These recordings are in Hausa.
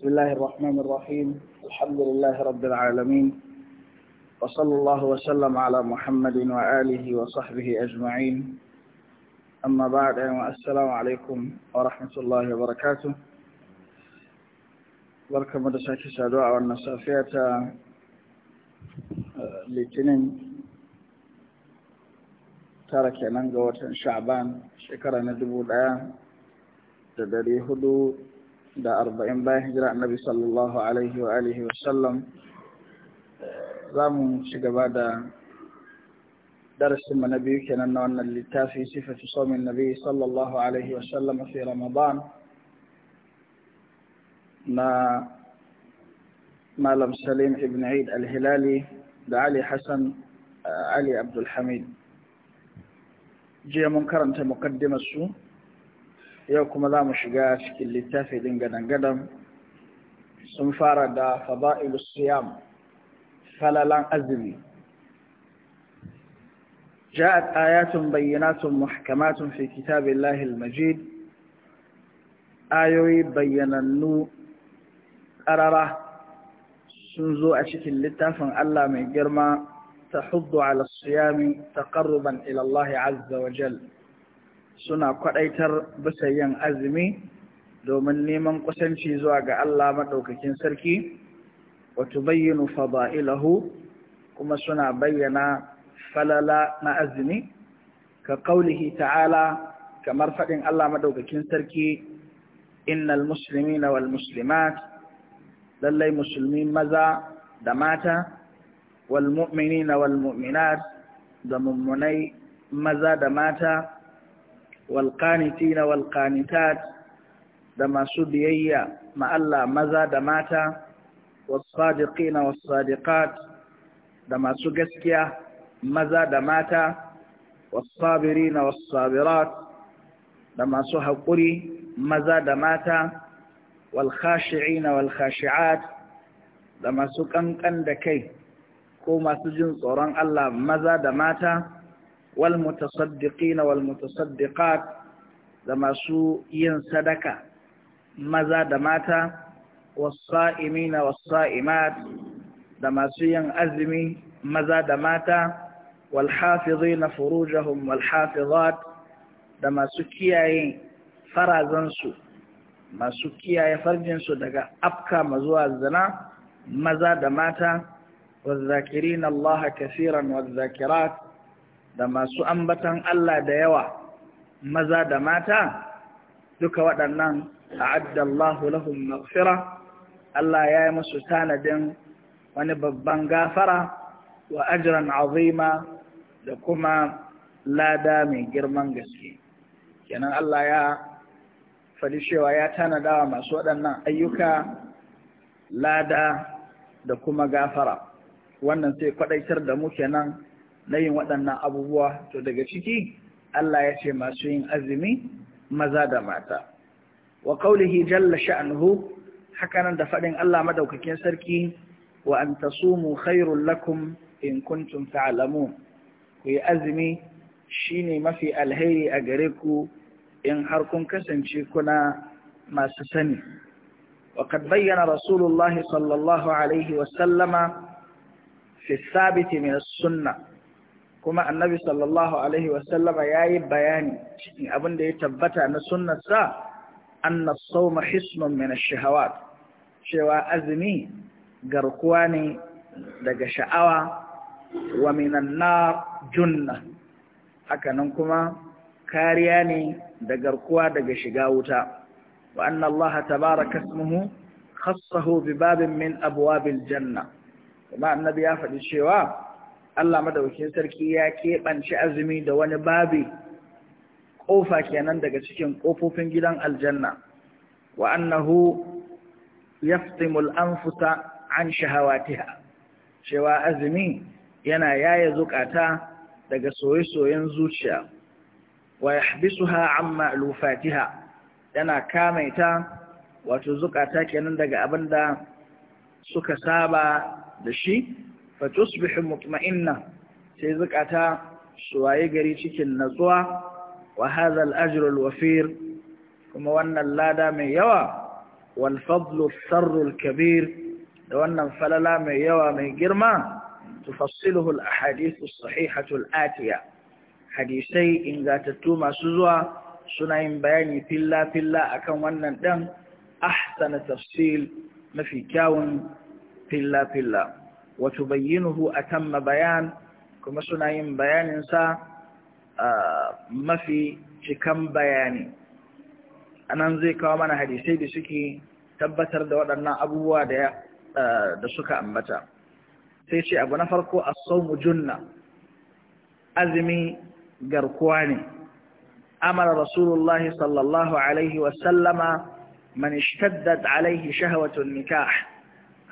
بسم الله الرحمن الرحيم الحمد لله رب العالمين وصلى الله وسلم على محمد وآله وصحبه أجمعين أما بعد السلام عليكم ورحمة الله وبركاته بركة مدساكي سادوة والنصافية آه، لتنين ترك ينقوة شعبان شكرا ندبو الآن تدري هدو دا أربعين باي هجرة النبي صلى الله عليه وآله وسلم رامو شقبا دا درس من نبي كان أن اللي صفة صوم النبي صلى الله عليه وسلم في رمضان ما ما سليم ابن عيد الهلالي دا حسن آه، علي عبد الحميد جي من كرنت مقدمة سوء yau kuma za mu shiga cikin littafi din gadan-gadan sun fara da fada'ilu siyam جاءت آيات بينات محكمات في كتاب الله المجيد آيوي بينا النو قررة سنزو أشك اللتافا ألا من جرما تحض على الصيام تقربا إلى الله عز وجل suna kwaɗaitar bisa yin azumi domin neman kusanci zuwa ga Allah maɗaukakin sarki wato tubayyinu Faba'ilahu, kuma suna bayyana falala na azumi ka ƙaulihi ta'ala kamar faɗin Allah maɗaukakin sarki innal na wal musulmat lallai musulmi maza da mata wal na wal mu'minat da mummunai maza da mata walƙanitina walƙanitat da masu biyayya ma Allah maza da mata wasadiqina wasadiqat da masu gaskiya maza da mata wasabirina wasabirat da masu haƙuri maza da mata walkhashi'ina walhashi'at da masu ƙanƙan da kai ko masu jin tsoron Allah maza da mata والمتصدقين والمتصدقات لما سوء ينصدك مزاد ماتا والصائمين والصائمات لما سوء أزمي مزاد ماتا والحافظين فروجهم والحافظات لما سوء كياي فرازنسو ما سوء كياي فرجنسو دكا أبكى مزوى الزنا مزاد ماتا والذاكرين الله كثيرا والذاكرات da masu ambatan Allah da yawa maza da mata duka waɗannan a'addallahu lahum maghfira Allah ya yi musu tanadin wani babban gafara wa ajran azima da kuma lada mai girman gaske kenan Allah ya faɗi cewa ya tanadawa masu waɗannan ayyuka lada da kuma gafara wannan sai kwaɗaitar da mu kenan na yin waɗannan abubuwa to daga ciki Allah ya ce masu yin azumi maza da mata wa qaulihi jalla sha'anhu hakanan da faɗin Allah madaukakin sarki wa an mu khairul lakum in kuntum ta'lamun ku yi azumi shine mafi alheri a gare ku in har kun kasance kuna masu sani وقد bayyana رسول الله صلى الله عليه fi في الثابت sunna. kuma annabi sallallahu alaihi wasallama ya yi bayani cikin abin da ya tabbata na sunnarsa anna sauma hisnun min shahawat cewa azumi garkuwa ne daga sha'awa wa minan nar junna hakanan kuma kariya ne da garkuwa daga shiga wuta wa anna Allah tabaraka ismuhu khassahu bi babin min abwabil janna kuma annabi ya faɗi cewa Allah madaukin sarki ya keɓance azumi da wani babi ƙofa kenan daga cikin ƙofofin gidan aljanna wa annahu yaftimul anfusa an shahawatiha cewa azumi yana yaya zukata daga soye-soyen zuciya wa yahbisuha an ma'lufatiha yana kamaita wato zukata kenan daga abin da suka saba da shi فتصبح مطمئنة سيزك أتا سواي قريتك النزوة وهذا الأجر الوفير كما وأن اللادا من يوى والفضل السر الكبير وأن الفللا من يوى من قرما تفصله الأحاديث الصحيحة الآتية حديثي إن قاتتوما سزوة سنعين بياني في الله في الله أكم وأن الدم أحسن تفصيل ما في كاون في الله في الله Watu wato bayyinuhu a kan mabayan kuma suna yin bayaninsa a mafi cikan bayani a nan zai kawo mana hadisai da suke tabbatar da waɗannan abubuwa da suka ambata sai ce abu na farko a saumu junna azumi garkuwa ne amal rasulullahi sallallahu alaihi wasallama man shtaddat alaihi shahawatun nikah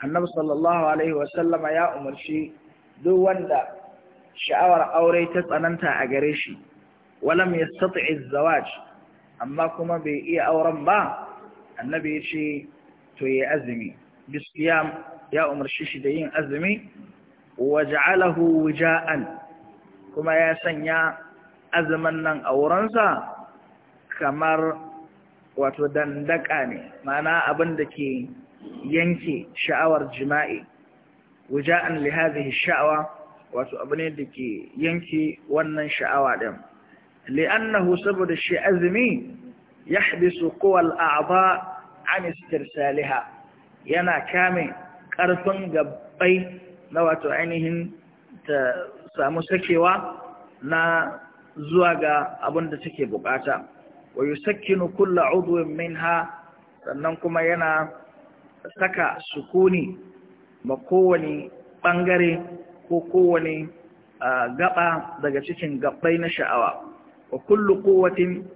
annabi sallallahu alaihi wasallama ya umarci duk wanda sha'awar aure ta tsananta a gare shi walam yastati zawaj amma kuma bai iya auren ba annabi ya ce to yi azumi bisiyam ya umarci shi da yin azumi waja'alahu wuja'an kuma ya sanya azumin nan aurensa kamar wato dandaka ne mana abin da ke yanke sha'awar jima'i wuja'an li hadhihi sha'awa wato abu ne da ke yanke wannan sha'awa din li'annahu saboda shi azumi yahbisu quwal a'dha an istirsalha yana kame karfin gabbai na wato ainihin ta samu sakewa na zuwa ga abin da take bukata wa yusakkinu kullu udwin minha sannan kuma yana saka sukuni ma kowane ɓangare ko kowane gaba daga cikin gabbai na sha'awa wa kullu kowatin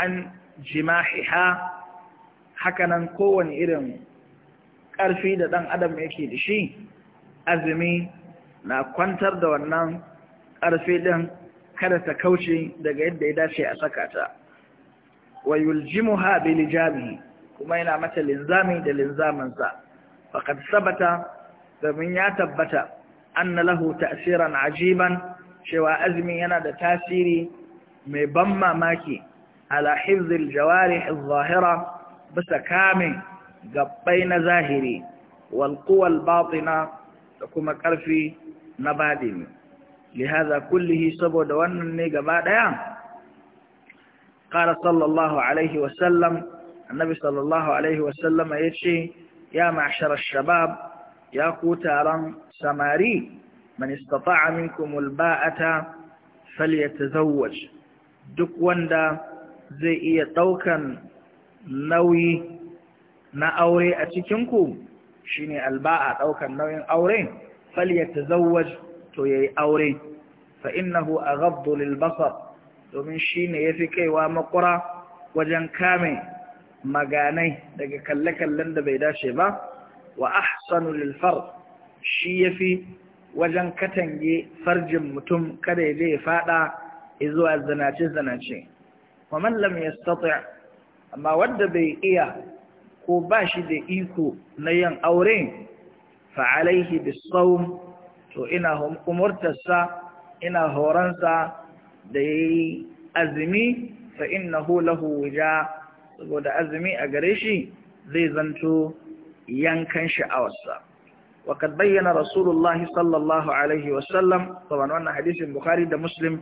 an ha hakanan kowane irin ƙarfi da ɗan adam yake da shi azumi na kwantar da wannan ƙarfi ɗin kada ta kauce daga yadda ya dace a saka ta wa yuljimuha kuma yana mata linzami da linzaminsa faqad sabata domin ya tabbata anna lahu ta'siran ajiban cewa azumi yana da tasiri mai ban mamaki ala hifzil jawarih bisa kamin gabbai na zahiri wal quwal batina da kuma karfi na badini lihaza kullihi saboda wannan ne gaba daya kala sallallahu alaihi wa annabi sallallahu alaihi wasallama ya ce ya ma'ashar shabab ya ku taron samari man minku mulbaata alba'ata falyatazawwaj duk wanda zai iya daukan nauyi na aure a cikin ku shine alba'a daukan nauyin aure falyatazawwaj to yayi aure fa innahu aghaddu lilbasar domin shine yafi kaiwa makura wajen kame maganai daga kalle-kallen da bai dace ba wa ahsanu lil fard shi yafi wajen katange farjin mutum kada ya je ya fada zuwa zanace zanace wa man lam yastati' amma wanda bai iya ko ba shi da iko na yin aure fa alaihi bisawm to ina umurtarsa ina horonsa da yayi azumi fa innahu lahu wija saboda azumi a gare shi zai zanto yankan sha'awarsa wa kad bayyana rasulullahi sallallahu alaihi wasallam saboda wannan hadisin bukari da muslim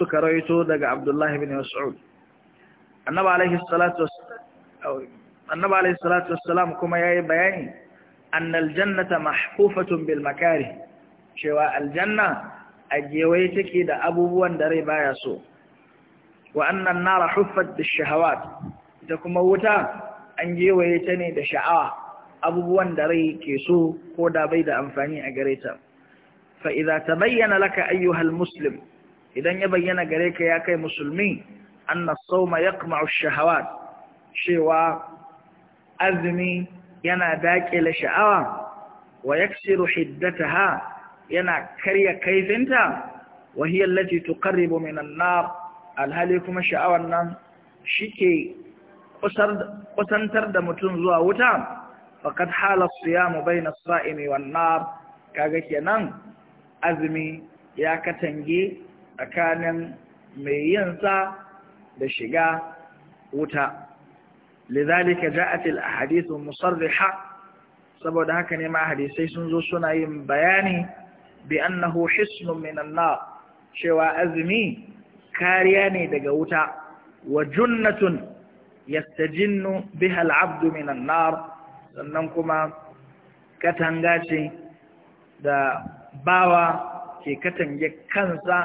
suka rawaito daga abdullahi bin mas'ud annaba alaihi salatu wassalam kuma ya yi bayani an aljannata mahfufatun bil makari cewa aljanna a gewaye take da abubuwan da rai baya so Wa'annan nara huffat da shahawat ita kuma wuta an gewaye ta ne da sha'awa abubuwan da rai ke so ko da bai da amfani a gare ta fa'iza ta bayyana laka ayyuhal muslim idan ya bayyana gare ka ya kai musulmi anna sauma yaqma'u shahawat cewa azumi yana daƙile sha'awa wa yaksiru hiddataha yana karya kaifinta wa Lati allati tuqarribu min nar alhali kuma sha'awar nan shi ke kusantar da mutum zuwa wuta fakat halar siyamu bai na sa'imi wannan kaga kenan azumi ya katange tsakanin mai yinsa da shiga wuta lizalika جاءت الأحاديث musarriha saboda haka ne ma hadisai sun zo suna yin bayani bi annahu hisnun minan nar cewa azumi kariya ne daga wuta wa junnatun yastajinnu biha al'abdu minan nar sannan kuma katanga ce da bawa ke katange kansa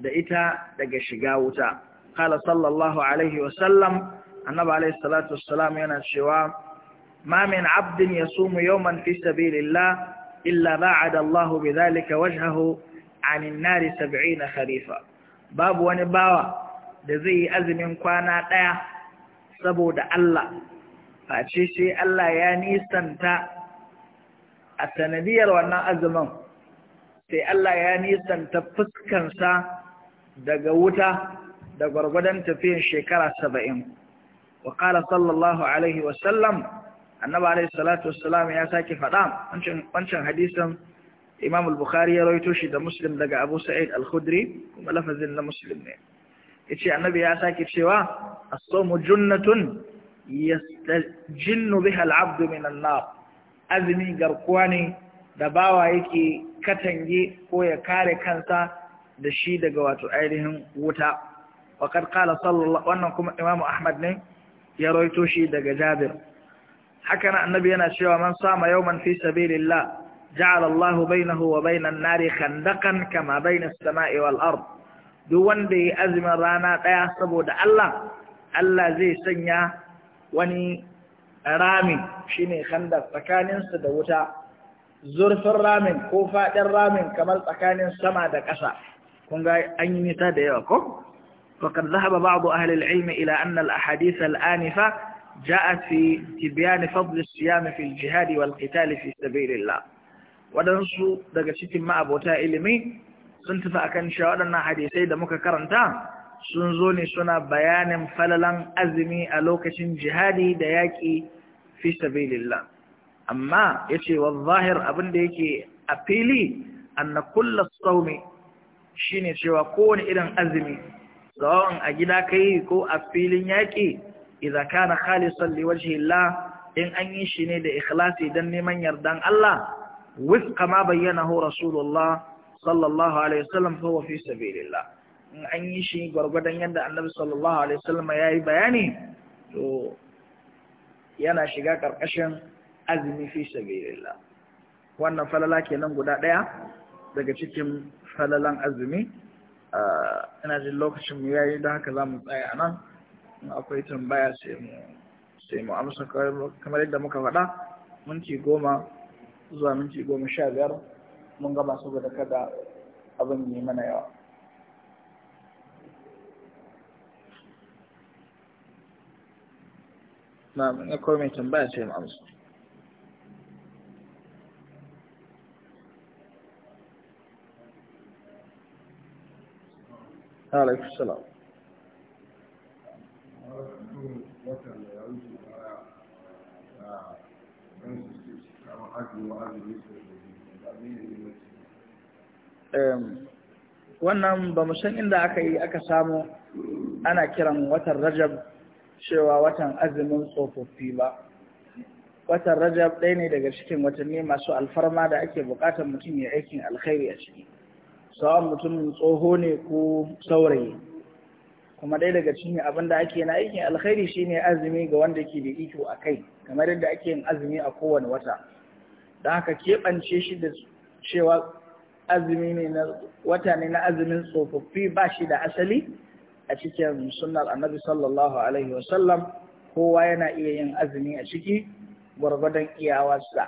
da ita daga shiga wuta qala sallallahu alaihi wa sallam annabi alaihi salatu wassalam yana cewa ma min 'abdin yasumu yawman fi sabilillah illa ba'ada Allahu bidhalika wajhahu 'anil nari 70 kharifa babu wani bawa da zai yi azumin kwana ɗaya saboda Allah face sai Allah ya nisanta a sanadiyar wannan azumin sai Allah ya nisanta fuskansa daga wuta da gwargwadon tafiyan shekara saba'in wa ƙala sallallahu alaihi wasallam annaba alaihi salatu wasallam ya sake faɗa wancan hadisin Imamul bukhari ya rawaito shi da muslim daga abu sa'id al-khudri kuma lafazin na muslim ne yace annabi ya sake cewa as-sawmu junnatun yastajinnu biha al-'abdu min an-nar azmi garkuwa ne da bawa yake katange ko ya kare kansa da shi daga wato ainihin wuta wa qad qala sallallahu wannan kuma imam ahmad ne ya rawaito shi daga jabir haka annabi yana cewa man sama yawman fi sabilillah جعل الله بينه وبين النار خندقا كما بين السماء والأرض duk wanda ya azumin rana ɗaya saboda Allah, Allah zai sanya wani rami shi kandar handa tsakaninsa da wuta, zurfin ramin ko faɗin ramin kamar tsakanin sama da ƙasa, kun ga an yi nita da yawa ko? Fakar zahaba ba abu ahalil ilmi ila annal a hadisal anifa ja'a fi tibiyani fadlis ya mafi jihadi wal qitali fi sabilillah. waɗansu daga cikin ma'abota ilimi sun tafi a kan cewa waɗannan hadisai da muka karanta sun zo ne suna bayanin falalan azumi a lokacin jihadi da yaƙi fi sabilillah amma ce wa zahir abin da yake a fili kulla kullu shi shine cewa kowane irin azumi zawon a gida kai ko a filin yaƙi idza kana khalisan liwajhi in an yi shi ne da ikhlasi don neman yardan Allah وفق ما بينه رسول الله صلى الله عليه وسلم fi في in an yi shi gwargwadon yadda annabi sallallahu alaihi wasallam ya yi bayani to yana shiga karkashin azumi fi sabilillah wannan falala kenan guda daya daga cikin falalan azumi ina jin lokacin mu yayi don haka zamu tsaya anan akwai tambaya sai mu sai mu amsa kamar yadda muka faɗa minti goma zuwa minti goma sha biyar mun gama saboda kada abin yi mana yawa na na komai tambaya ce mu amsa alaikum salam wannan ba mu san inda aka yi aka samu ana kiran watan rajab cewa watan azumin tsofaffi ba watan rajab ɗaya ne daga cikin watanni masu alfarma da ake buƙatar mutum ya aikin alkhairi a ciki sawan mutumin tsoho ne ko saurayi kuma ɗaya daga cikin abin da ake na aikin alkhairi shine azumi ga wanda ke da iko a kai kamar yadda ake yin azumi a kowane wata da haka keɓance shi da cewa azumi ne na wata ne na azumin tsofaffi ba shi da asali a cikin sunnar annabi sallallahu alaihi wasallam kowa yana iya yin azumi a ciki gwargwadon iyawarsa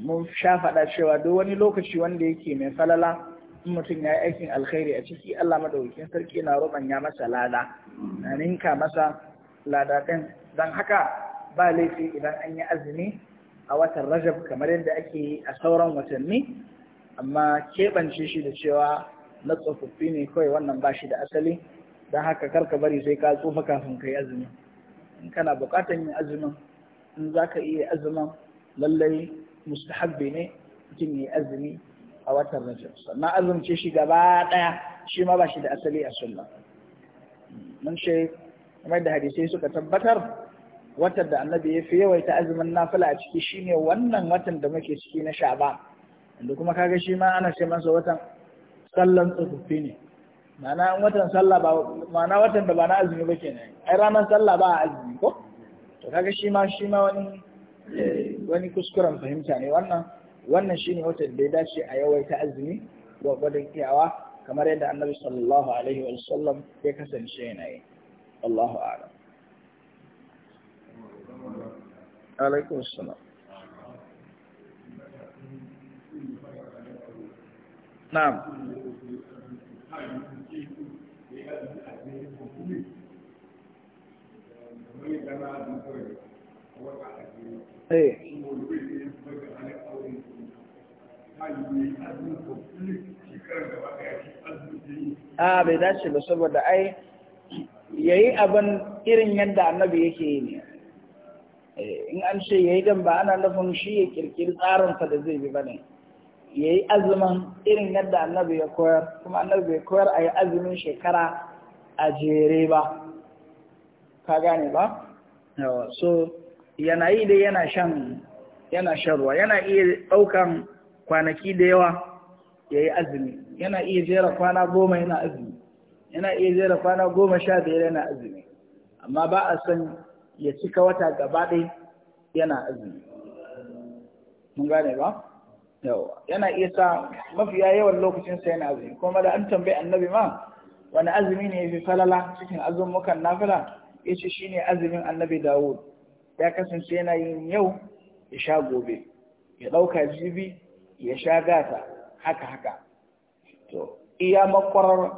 mun sha faɗa cewa duk wani lokaci wanda yake mai falala in mutum ya yi aikin alkhairi a ciki Allah madaukakin sarki na ya masa lada na ninka masa lada ɗin don haka ba laifi idan an yi azumi a watan rajab kamar yadda ake a sauran watanni amma keɓance shi da cewa na tsofaffi ne kawai wannan ba shi da asali don haka karka bari sai ka tsufa kafin ka yi azumi in kana buƙatar yin azumin in za ka iya azumin lallai mustahabbi ne mutum ya yi azumi a watan rajab sannan azumce shi gaba ɗaya shi ma ba shi da asali a sunna mun shi kamar da hadisai suka tabbatar watan da annabi ya fi yawaita azumin nafila a ciki shine wannan watan da muke ciki na sha'ban da kuma kaga shi ma ana ce masa watan sallan tsofaffi ne ma'ana watan sallah ba ma'ana watan da ba na azumi ba kenan ai ranar sallah ba a azumi ko to kaga shi ma shi ma wani eh, wani kuskuren fahimta ne wannan wannan shine watan da ya dace a yawaita azumi wa gwadon kiyawa kamar yadda annabi sallallahu alaihi wa sallam ya kasance yana yi Allahu a'lam alaikum salam na'am a ah, bai dace ba saboda ai yayi abin irin yadda annabi yake yi ne Eh, in an ce ya yi dan ba ana nufin shi ya kirkiri tsarinsa da zai bi ba ne ya yi azumin irin yadda annabi ya koyar kuma annabi bai koyar a yi azumin shekara a jere ba ka gane ba yawa so yana yi dai yana shan yana shan ruwa yana iya ɗaukan kwanaki da yawa ya yi azumi yana iya jera kwana goma yana azumi yana iya jera kwana goma sha biyar yana azumi amma ba a san ya cika wata gaba ɗai yana azumi mun gane ba yawa yana iya sa mafiya yawan lokacin sa yana azumi kuma da an tambayi annabi ma wani azumi ne fi falala cikin azumukan nafila shi ne azumin annabi Dawud ya kasance yana yin yau ya sha gobe ya ɗauka jibi ya sha gata haka haka to iya makwarar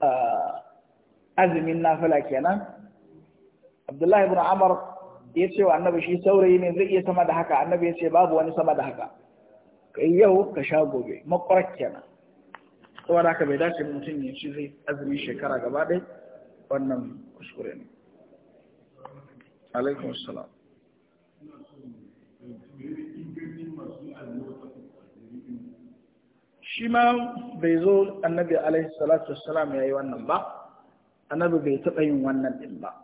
ah, azumin nafila kenan Abdullahi ibn Amr ya ce wa annabi shi saurayi ne zai iya sama da haka annabi ya ce babu wani sama da haka kai yau ka sha gobe makwarar kenan saboda haka bai dace mutum ya ci zai azumi shekara gaba dai wannan kuskure ne alaikum salam shi ma bai zo annabi alaihi salatu wassalam ya yi wannan ba annabi bai taɓa yin wannan din ba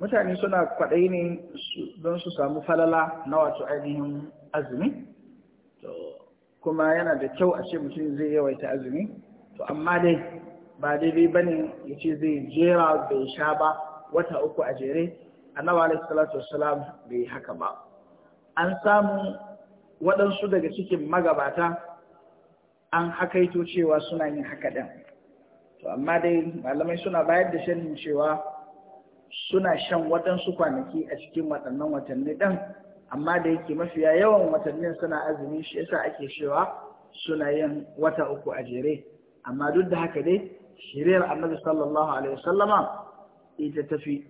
mutane suna kwaɗai ne don su samu falala na wato ainihin azumi kuma yana da kyau a ce mutum zai yawaita azumi to amma dai ba daidai ba ne ya ce zai jera bai sha ba wata uku a jere annabi alaihi salatu wassalam bai haka ba an samu waɗansu daga cikin magabata an hakaito cewa suna yin haka ɗin to amma dai malamai suna bayar da sharhin cewa suna shan waɗansu kwanaki a cikin waɗannan watanni ɗin amma da yake mafiya yawan watannin suna azumi shi yasa ake cewa suna yin wata uku a jere amma duk da haka dai shiriyar annabi sallallahu alaihi wasallama ita tafi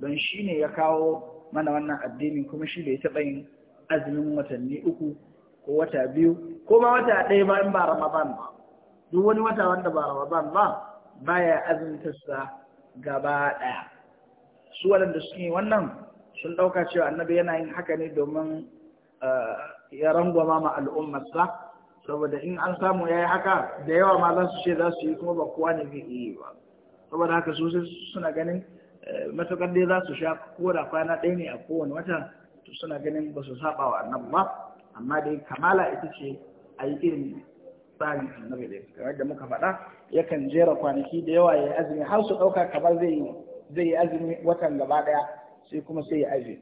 don shi ne ya kawo mana wannan addini kuma shi ya taɓa yin azumin watanni uku ko wata biyu ko ma wata ɗaya ba in ba ramadan ba duk wani wata wanda ba ramadan ba baya sa gaba ɗaya su waɗanda suke wannan sun ɗauka cewa annabi yana yin haka ne domin eh, ya rangwama ma al'ummarsa saboda in an samu ya yi haka da yawa ma za su ce za su yi kuma ba kowa ne zai iya ba saboda haka su suna ganin eh, matuƙar dai za su sha ko da kwana ɗaya ne a kowane wata to suna ganin ba su saba wa annabi ba amma dai kamala ita ce a yi irin tsarin annabi da kamar da muka faɗa yakan jera kwanaki da yawa ya azumi har su ɗauka kamar zai zai yi azumi watan gaba ɗaya sai kuma sai ya aje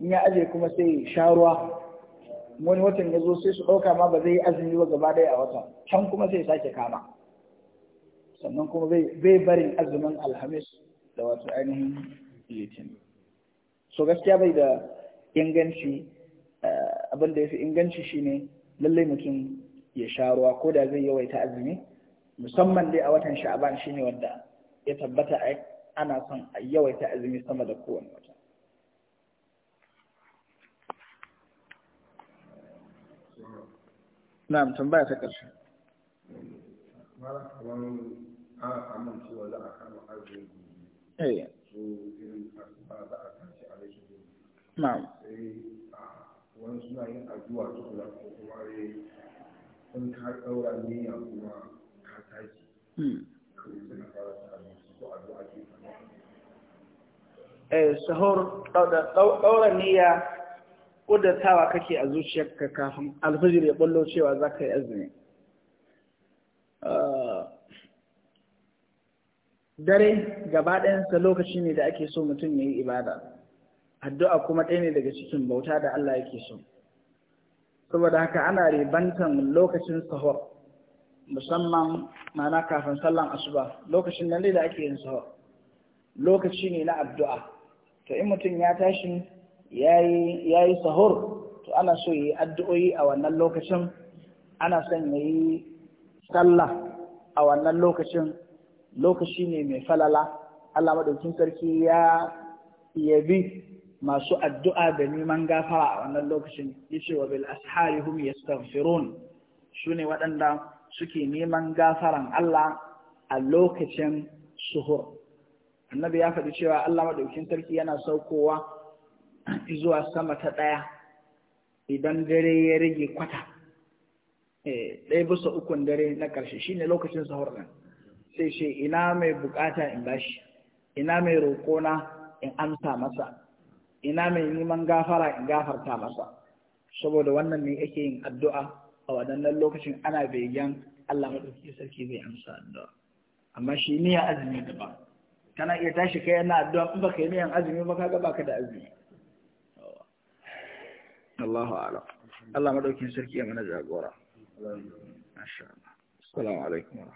in ya aje kuma sai ya sha ruwa wani watan ya zo sai su ɗauka ma ba zai yi azumi ba gaba ɗaya a watan can kuma sai ya sake kama sannan kuma zai barin azumin alhamis da wato ainihin litin so gaskiya bai da inganci eh, abin da ya fi inganci shine lallai mutum ya sha ruwa ko da zai yawaita azumi musamman dai a watan sha'aban shine wanda ya tabbata ana son a yawaita azumi sama da kowane wata na'am tambaya ta ƙarshe wani eh. suna yin addu'a kula ko kuma sun ka ɗaura niyya kuma Hmm. Eh, sahur ɗaura niyya ƙudatawa kake a zuciyarka kafin alfijir ya ɓullo cewa za ka yi azumi ah, dare gaba ɗayansa lokaci ne da ake so mutum ya yi ibada addu'a kuma ɗaya ne daga cikin bauta da Allah yake so saboda haka ana ribantan lokacin sahur musamman mana kafin sallan asuba lokacin nan da ake yin sahur lokaci ne na addu'a to in mutum ya tashi yayi yi sahur to ana so yi addu'o'i a wannan lokacin ana son yayi yi sallah a wannan lokacin lokaci ne mai falala Allah madaukin sarki ya yabi masu addu'a da neman gafara a wannan lokacin yace wa bil ashari hum yastaghfirun shine waɗanda suke neman gafaran Allah a lokacin suhur annabi ya faɗi cewa Allah maɗaukin sarki yana saukowa zuwa sama ta ɗaya idan dare ya rage kwata eh, ɗaya bisa ukun dare na ƙarshe Shi ne lokacin suhur ɗin sai ce ina mai buƙata in bashi ina mai roƙona in amsa masa ina mai neman gafara in gafarta masa saboda wannan ne ake yin addu'a a waɗannan lokacin ana begen Allah maɗauki sarki zai amsa addu'a amma shi niyyar azumi da ba kana iya tashi kai yana addu'a in baka yi niyyar azumi ba kaga baka da azumi Allahu a'lam Allah maɗaukin sarki ya mana jagora assalamu alaikum